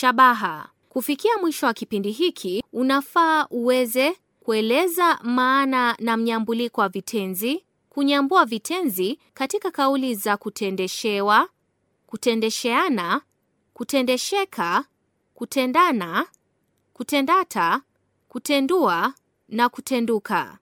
Shabaha: kufikia mwisho wa kipindi hiki, unafaa uweze kueleza maana na mnyambuliko wa vitenzi, kunyambua vitenzi katika kauli za kutendeshewa, kutendesheana, kutendesheka, kutendana, kutendata, kutendua na kutenduka.